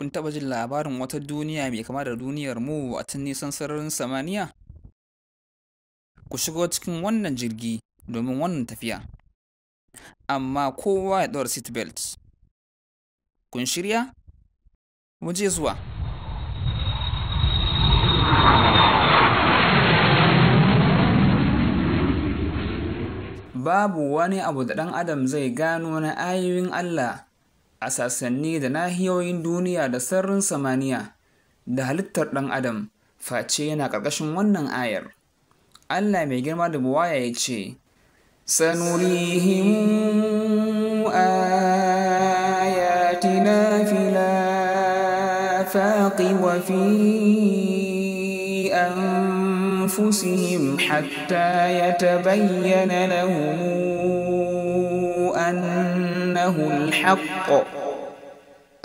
kun taɓa jin labarin wata duniya mai kama da duniyar mu a tun nisan sararin samaniya? Ku shigo cikin wannan jirgi domin wannan tafiya. Amma kowa ya ɗaura belt Kun shirya? Mu je zuwa. Babu wani abu da ɗan Adam zai gano na ayoyin Allah a sassanni da nahiyoyin duniya da sararin samaniya da halittar ɗan adam face yana ƙarƙashin wannan ayar allah mai girma da buwaya ya ce sanurihim ayatina fil afaqi wa fi anfusihim hatta أنه الحق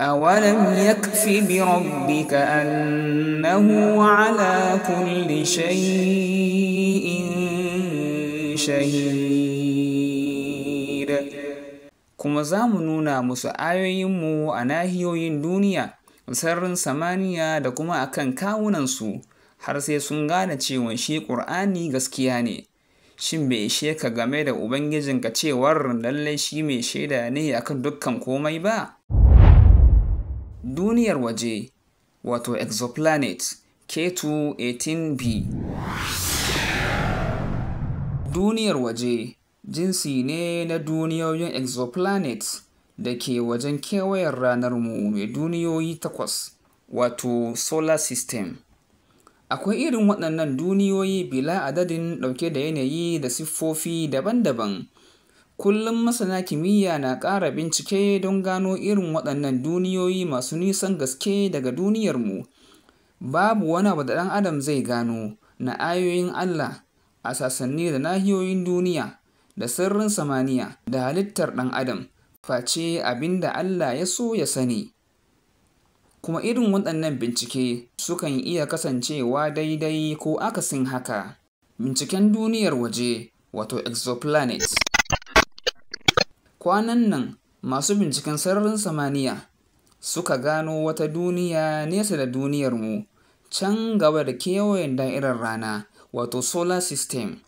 أولم يكف بربك أنه على كل شيء شهيد kuma za mu nuna masu ayoyinmu a nahiyoyin duniya sararin samaniya da kuma a akan kawunansu har sai sun gane cewa shi ƙur'ani gaskiya ne shin bai ishe ka game da ubangijin ka cewar lallai shi mai shaida ne akan dukkan komai ba? Duniyar waje, wato exoplanet K2-18b. Duniyar waje jinsi ne na duniyoyin exoplanet da ke wajen kewayen ranar mu mai duniyoyi takwas, wato solar system. Akwai irin waɗannan duniyoyi bila adadin ɗauke da yanayi da siffofi daban-daban. Kullum masana kimiyya na ƙara bincike don gano irin waɗannan duniyoyi masu nisan gaske daga duniyarmu. Babu wani abu da ɗan adam zai gano na ayoyin Allah a sassanni da nahiyoyin duniya da sirrin samaniya da halittar ɗan adam face abin da Allah ya so ya sani. kuma irin waɗannan bincike sukan iya kasancewa daidai ko akasin haka. Binciken duniyar waje wato exoplanet. Kwanan nan masu binciken sararin samaniya suka gano wata duniya nesa da duniyarmu can gaba da kewayen da'irar rana wato solar system.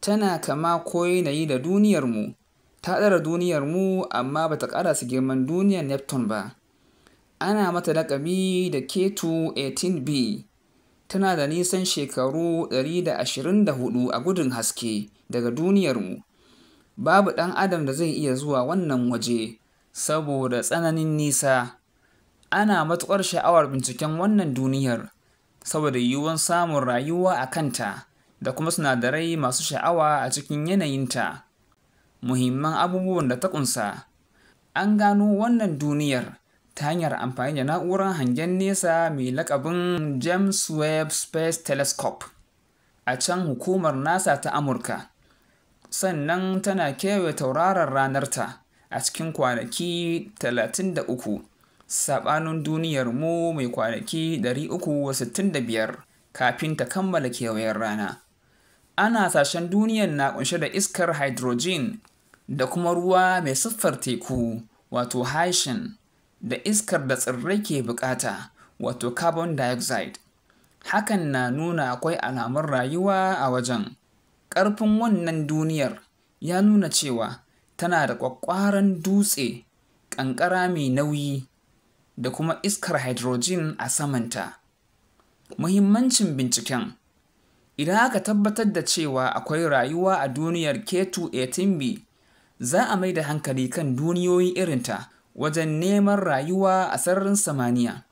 Tana kama ko yanayi da duniyarmu, ta ɗara duniyarmu amma bata ƙara su girman duniyar Neptune ba. ana mata laƙabi da Ketu 18B. Tana da nisan shekaru 124 a gudun haske daga duniyarmu. Babu ɗan adam da zai iya zuwa wannan waje saboda tsananin nisa. Ana matuƙar sha'awar binciken wannan duniyar saboda yiwuwan samun rayuwa a kanta da kuma sinadarai masu sha'awa a cikin yanayinta. Muhimman abubuwan da ta ƙunsa. An gano wannan duniyar. ta hanyar amfani da na'urar hangen nesa mai lakabin James Webb Space Telescope a can hukumar NASA ta Amurka. Sannan tana kewaye tauraron ranarta a cikin kwanaki 33, saɓanin mu mai kwanaki 365 kafin ta kammala kewayen rana. Ana sashen duniyar na kunshe da iskar hydrogen da kuma ruwa mai siffar teku wato haishin da iskar da tsirrai ke bukata wato carbon dioxide hakan na nuna akwai alamun rayuwa a wajen ƙarfin wannan duniyar ya nuna cewa tana da ƙwaƙƙwaran dutse ƙanƙara mai nauyi da kuma iskar hydrogen a samanta muhimmancin binciken idan aka tabbatar da cewa akwai rayuwa a duniyar k218b za a mai da hankali kan duniyoyi irinta wajen neman rayuwa a sararin samaniya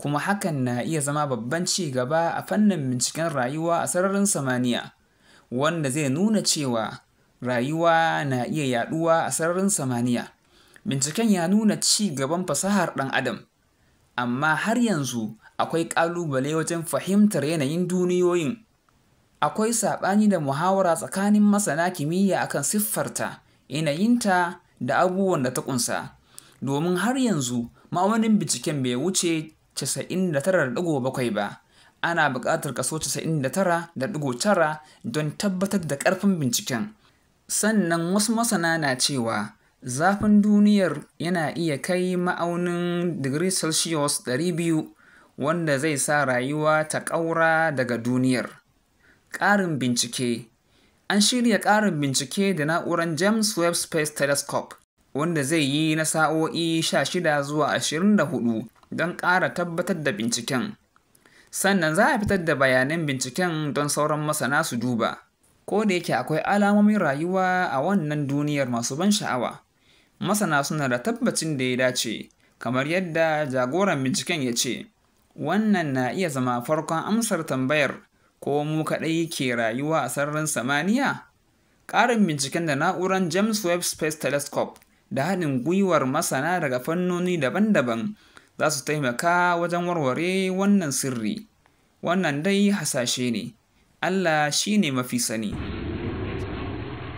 kuma hakan na iya zama babban ci gaba a fannin binciken rayuwa a sararin samaniya wanda zai nuna cewa rayuwa na iya yaduwa a sararin samaniya binciken ya nuna ci gaban fasahar ɗan adam amma har yanzu akwai ƙalubale wajen fahimtar yanayin duniyoyin akwai saɓani da muhawara tsakanin masana kimiyya akan siffarta yanayinta da abubuwan da ta ƙunsa domin har yanzu ma'aunin binciken bai wuce 99.7 ba ana buƙatar kaso 99.9 don tabbatar da ƙarfin binciken sannan wasu masana na cewa zafin duniyar yana iya kai ma'aunin digiri celsius 200 wanda zai sa rayuwa ta ƙaura daga duniyar ƙarin bincike an shirya ƙarin bincike da na'urar james webb space telescope wanda zai yi na sa'o'i 16 zuwa 24 don ƙara tabbatar da binciken sannan za a fitar da bayanan binciken don sauran masana su duba ko da yake akwai alamomin rayuwa a wannan duniyar masu ban sha'awa masana suna da tabbacin da ya dace kamar yadda jagoran binciken ya ce wannan na iya zama farkon amsar tambayar ko mu kaɗai ke rayuwa a sararin samaniya ƙarin binciken da na'urar james webb space telescope da haɗin gwiwar masana daga fannoni daban-daban za su taimaka wajen warware wannan sirri wannan dai hasashe ne allah shi ne mafi sani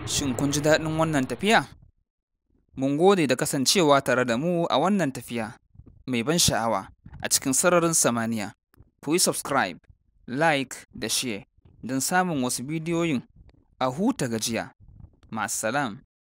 shin kun ji daɗin wannan tafiya mun gode da kasancewa tare da mu a wannan tafiya mai ban sha'awa a cikin sararin samaniya ku yi subscribe like da share don samun wasu bidiyoyin a huta gajiya. Masalam.